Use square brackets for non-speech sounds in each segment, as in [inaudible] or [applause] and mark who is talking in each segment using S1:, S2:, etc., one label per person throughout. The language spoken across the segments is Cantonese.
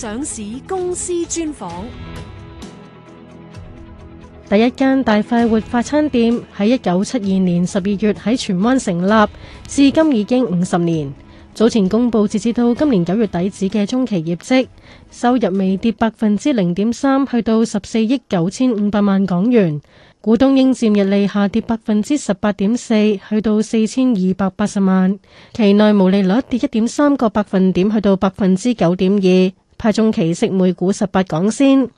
S1: 上市公司專訪，第一間大快活快餐店喺一九七二年十二月喺荃灣成立，至今已經五十年。早前公布截止到今年九月底止嘅中期業績，收入微跌百分之零點三，去到十四億九千五百萬港元；股東應佔日利下跌百分之十八點四，去到四千二百八十萬；期內毛利率跌一點三個百分點，去到百分之九點二。派中期息每股十八港仙。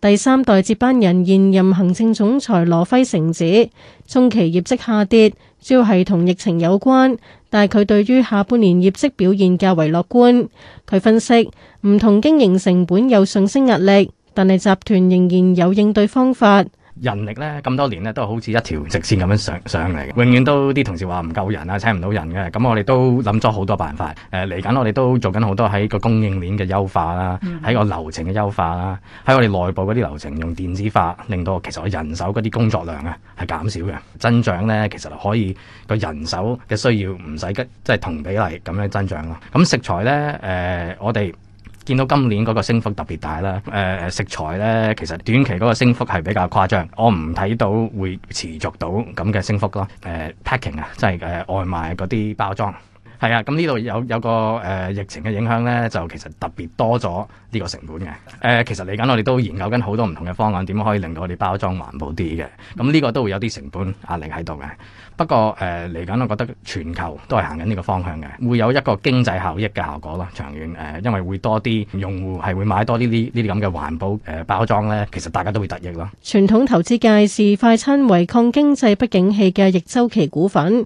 S1: 第三代接班人現任行政總裁羅輝承指中期業績下跌，主要係同疫情有關，但係佢對於下半年業績表現較為樂觀。佢分析唔同經營成本有上升壓力，但係集團仍然有應對方法。
S2: 人力咧，咁多年咧，都好似一條直線咁樣上上嚟嘅，永遠都啲同事話唔夠人啊，請唔到人嘅，咁我哋都諗咗好多辦法。誒、呃，嚟緊我哋都做緊好多喺個供應鏈嘅優化啦，喺、嗯、個流程嘅優化啦，喺我哋內部嗰啲流程用電子化，令到其實我人手嗰啲工作量啊係減少嘅，增長咧，其實可以個人手嘅需要唔使即係同比例咁樣增長咯。咁食材咧，誒、呃，我哋。見到今年嗰個升幅特別大啦，誒誒食材咧，其實短期嗰個升幅係比較誇張，我唔睇到會持續到咁嘅升幅咯，誒 Packing 啊，acking, 即係誒、呃、外賣嗰啲包裝。係啊，咁呢度有有個誒、呃、疫情嘅影響呢，就其實特別多咗呢個成本嘅。誒、呃，其實嚟緊我哋都研究緊好多唔同嘅方案，點可以令到我哋包裝環保啲嘅。咁、嗯、呢、這個都會有啲成本壓力喺度嘅。不過誒嚟緊，呃、我覺得全球都係行緊呢個方向嘅，會有一個經濟效益嘅效果咯。長遠誒、呃，因為會多啲用戶係會買多呢啲呢啲咁嘅環保誒、呃、包裝呢，其實大家都會得益咯。
S1: 傳統投資界視快餐為抗經濟不景氣嘅逆周期股份。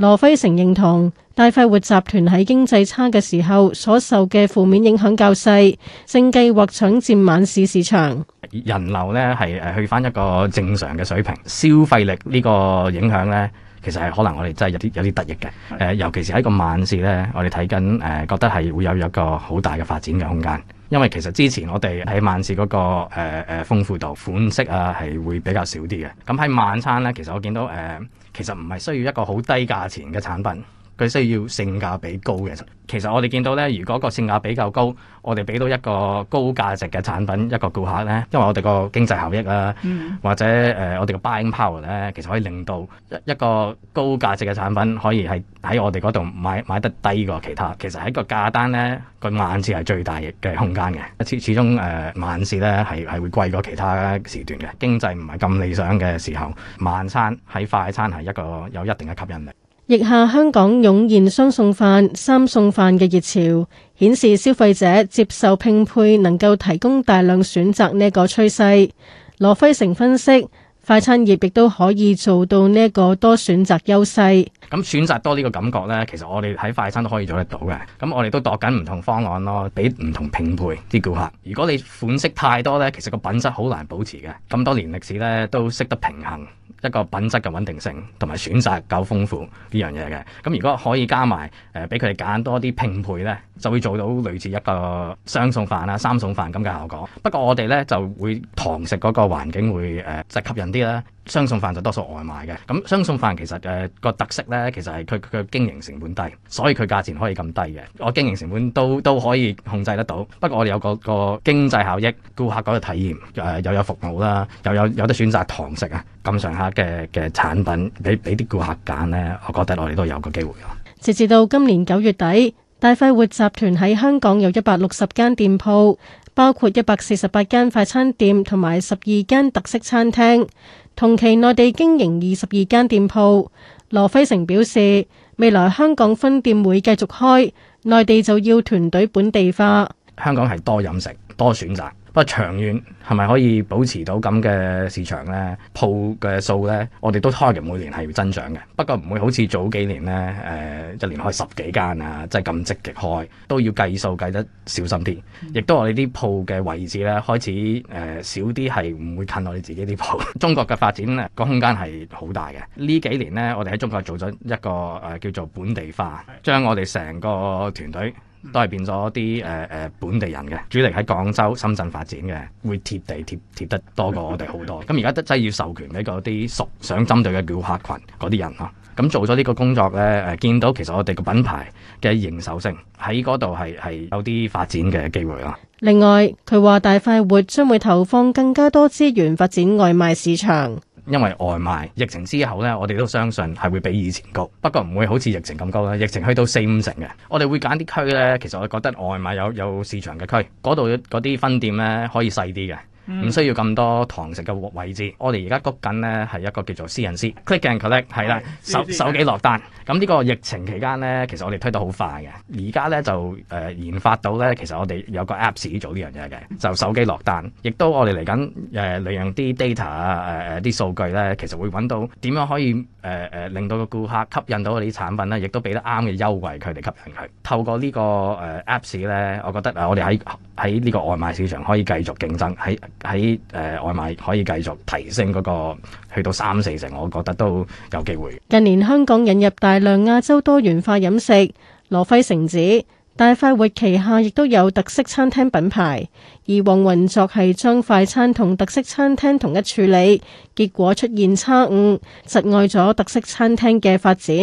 S1: 羅輝承認同大快活集團喺經濟差嘅時候所受嘅負面影響較細，正計劃搶佔晚市市場。
S2: 人流呢係誒去翻一個正常嘅水平，消費力呢個影響呢，其實係可能我哋真係有啲有啲得益嘅。誒、呃，尤其是喺個晚市呢，我哋睇緊誒，覺得係會有一個好大嘅發展嘅空間。因為其實之前我哋喺晚市嗰，那個誒誒豐富度、款式啊，係會比較少啲嘅。咁喺晚餐呢，其實我見到誒。呃其實唔係需要一個好低價錢嘅產品。佢需要性價比高嘅。其實我哋見到呢，如果個性價比較高，我哋俾到一個高價值嘅產品一個顧客呢，因為我哋個經濟效益啦、啊，嗯、或者誒、呃、我哋嘅 buying power 呢，其實可以令到一一個高價值嘅產品可以係喺我哋嗰度買買得低過其他。其實喺個價單呢，個晚市係最大嘅空間嘅。始始終誒晚市呢係係會貴過其他時段嘅，經濟唔係咁理想嘅時候，晚餐喺快餐係一個有一定嘅吸引力。
S1: 亦下香港湧現雙餸飯、三餸飯嘅熱潮，顯示消費者接受拼配，能夠提供大量選擇呢個趨勢。羅輝承分析，快餐業亦都可以做到呢個多選擇優勢。
S2: 咁選擇多呢個感覺呢，其實我哋喺快餐都可以做得到嘅。咁我哋都度緊唔同方案咯，俾唔同拼配啲顧客。如果你款式太多呢，其實個品質好難保持嘅。咁多年歷史呢，都識得平衡。一個品質嘅穩定性同埋選擇夠豐富呢樣嘢嘅，咁如果可以加埋誒，俾佢哋揀多啲拼配咧，就會做到類似一個雙餸飯啊、三餸飯咁嘅效果。不過我哋咧就會堂食嗰個環境會即、呃、即係、吸引啲啦。雙餸飯就多數外賣嘅，咁雙餸飯其實誒個、呃、特色呢，其實係佢佢經營成本低，所以佢價錢可以咁低嘅。我經營成本都都可以控制得到，不過我哋有個個經濟效益，顧客嗰個體驗、呃、又有服務啦，又有又有得選擇堂食啊，咁上下嘅嘅產品俾俾啲顧客揀呢，我覺得我哋都有個
S1: 機會嘅。直至到今年九月底，大快活集團喺香港有一百六十間店鋪。包括一百四十八間快餐店同埋十二間特色餐廳，同期內地經營二十二間店鋪。羅輝承表示，未來香港分店會繼續開，內地就要團隊本地化。
S2: 香港係多飲食，多選擇。不過長遠係咪可以保持到咁嘅市場呢？鋪嘅數呢，我哋都 target 每年係要增長嘅。不過唔會好似早幾年呢，誒、呃、一年開十幾間啊，即係咁積極開，都要計數計得小心啲。亦、嗯、都我哋啲鋪嘅位置呢，開始誒、呃、少啲係唔會近我哋自己啲鋪。 [laughs] 中國嘅發展呢，個空間係好大嘅。呢幾年呢，我哋喺中國做咗一個誒、呃、叫做本地化，將我哋成個團隊。都係變咗啲誒誒本地人嘅，主力喺廣州、深圳發展嘅，會貼地貼貼得多過我哋好多。咁而家真係要授權俾嗰啲想針對嘅顧客群嗰啲人咯。咁做咗呢個工作咧，誒見到其實我哋個品牌嘅認受性喺嗰度係係有啲發展嘅機會咯。
S1: 另外，佢話大快活將會投放更加多資源發展外賣市場。
S2: 因為外賣疫情之後呢，我哋都相信係會比以前高，不過唔會好似疫情咁高啦。疫情去到四五成嘅，我哋會揀啲區呢。其實我覺得外賣有有市場嘅區，嗰度嗰啲分店呢可以細啲嘅。唔需要咁多堂食嘅位置，我哋而家焗緊呢，係一個叫做私人司，click and Collect 係啦，手手機落單。咁呢個疫情期間呢，其實我哋推得好快嘅，而家呢，就誒、呃、研發到呢，其實我哋有個 Apps 做呢樣嘢嘅，就手機落單，亦都我哋嚟緊誒利用啲 data 啊、呃、誒啲數據呢，其實會揾到點樣可以。誒誒，令到個顧客吸引到我哋啲產品咧，亦都俾得啱嘅優惠佢哋吸引佢。透過呢個誒 apps 咧，我覺得啊，我哋喺喺呢個外賣市場可以繼續競爭，喺喺誒外賣可以繼續提升嗰個去到三四成，我覺得都有機會。
S1: 近年香港引入大量亞洲多元化飲食，羅輝承指。大快活旗下亦都有特色餐廳品牌，以往運作係將快餐同特色餐廳同一處理，結果出現差誤，窒礙咗特色餐廳嘅發展。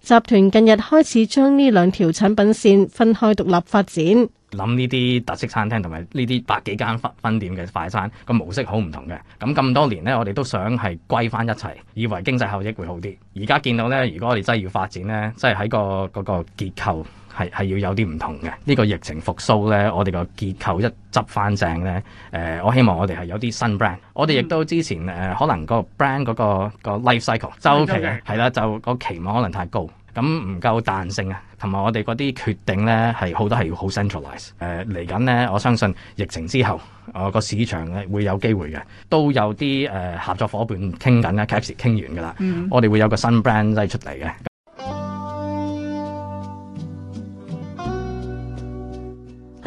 S1: 集團近日開始將呢兩條產品線分開獨立發展。
S2: 諗呢啲特色餐廳同埋呢啲百幾間分分店嘅快餐個模式好唔同嘅，咁咁多年咧，我哋都想係歸翻一齊，以為經濟效益會好啲。而家見到咧，如果我哋真係要發展咧，真係喺個嗰個結構。係係要有啲唔同嘅，呢、這個疫情復甦咧，我哋個結構一執翻正咧，誒、呃，我希望我哋係有啲新 brand。嗯、我哋亦都之前誒、呃，可能個 brand 嗰、那個 life cycle 週期係啦期、啊，就個期望可能太高，咁唔夠彈性啊，同埋我哋嗰啲決定咧係好多係要好 centralize、呃、嚟緊咧，我相信疫情之後，我、呃、個市場咧會有機會嘅，都有啲誒、呃、合作伙伴傾緊啊，concept 傾完噶啦，嗯、我哋會有個新 brand 出嚟嘅。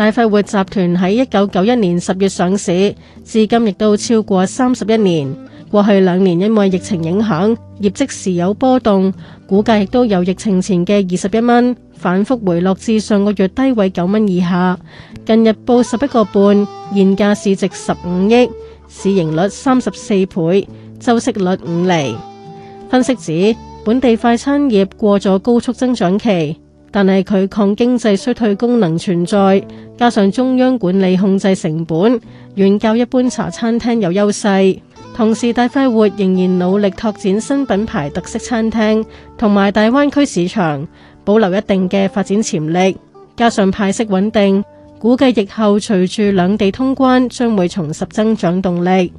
S1: 大快活集團喺一九九一年十月上市，至今亦都超過三十一年。過去兩年因為疫情影響，業績時有波動，股價亦都由疫情前嘅二十一蚊反覆回落至上個月低位九蚊以下。近日報十一個半，現價市值十五億，市盈率三十四倍，周息率五厘。分析指本地快餐業過咗高速增長期。但係佢抗經濟衰退功能存在，加上中央管理控制成本，遠較一般茶餐廳有優勢。同時，大快活仍然努力拓展新品牌特色餐廳同埋大灣區市場，保留一定嘅發展潛力。加上派息穩定，估計疫後隨住兩地通關，將會重拾增長動力。